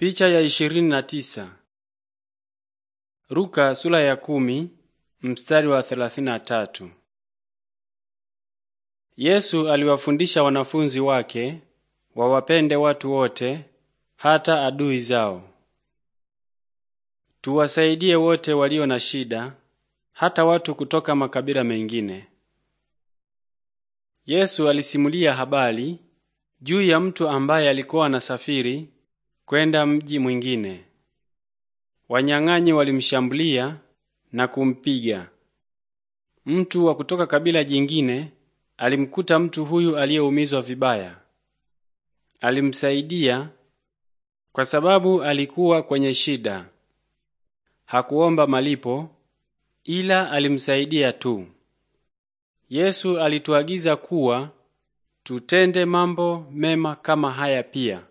Picha ya 29. Ruka sura ya kumi, mstari wa 33. Yesu aliwafundisha wanafunzi wake wawapende watu wote hata adui zao. Tuwasaidie wote walio na shida hata watu kutoka makabila mengine. Yesu alisimulia habari juu ya mtu ambaye alikuwa anasafiri kwenda mji mwingine. Wanyang'anyi walimshambulia na kumpiga. Mtu wa kutoka kabila jingine alimkuta mtu huyu aliyeumizwa vibaya, alimsaidia kwa sababu alikuwa kwenye shida. Hakuomba malipo, ila alimsaidia tu. Yesu alituagiza kuwa tutende mambo mema kama haya pia.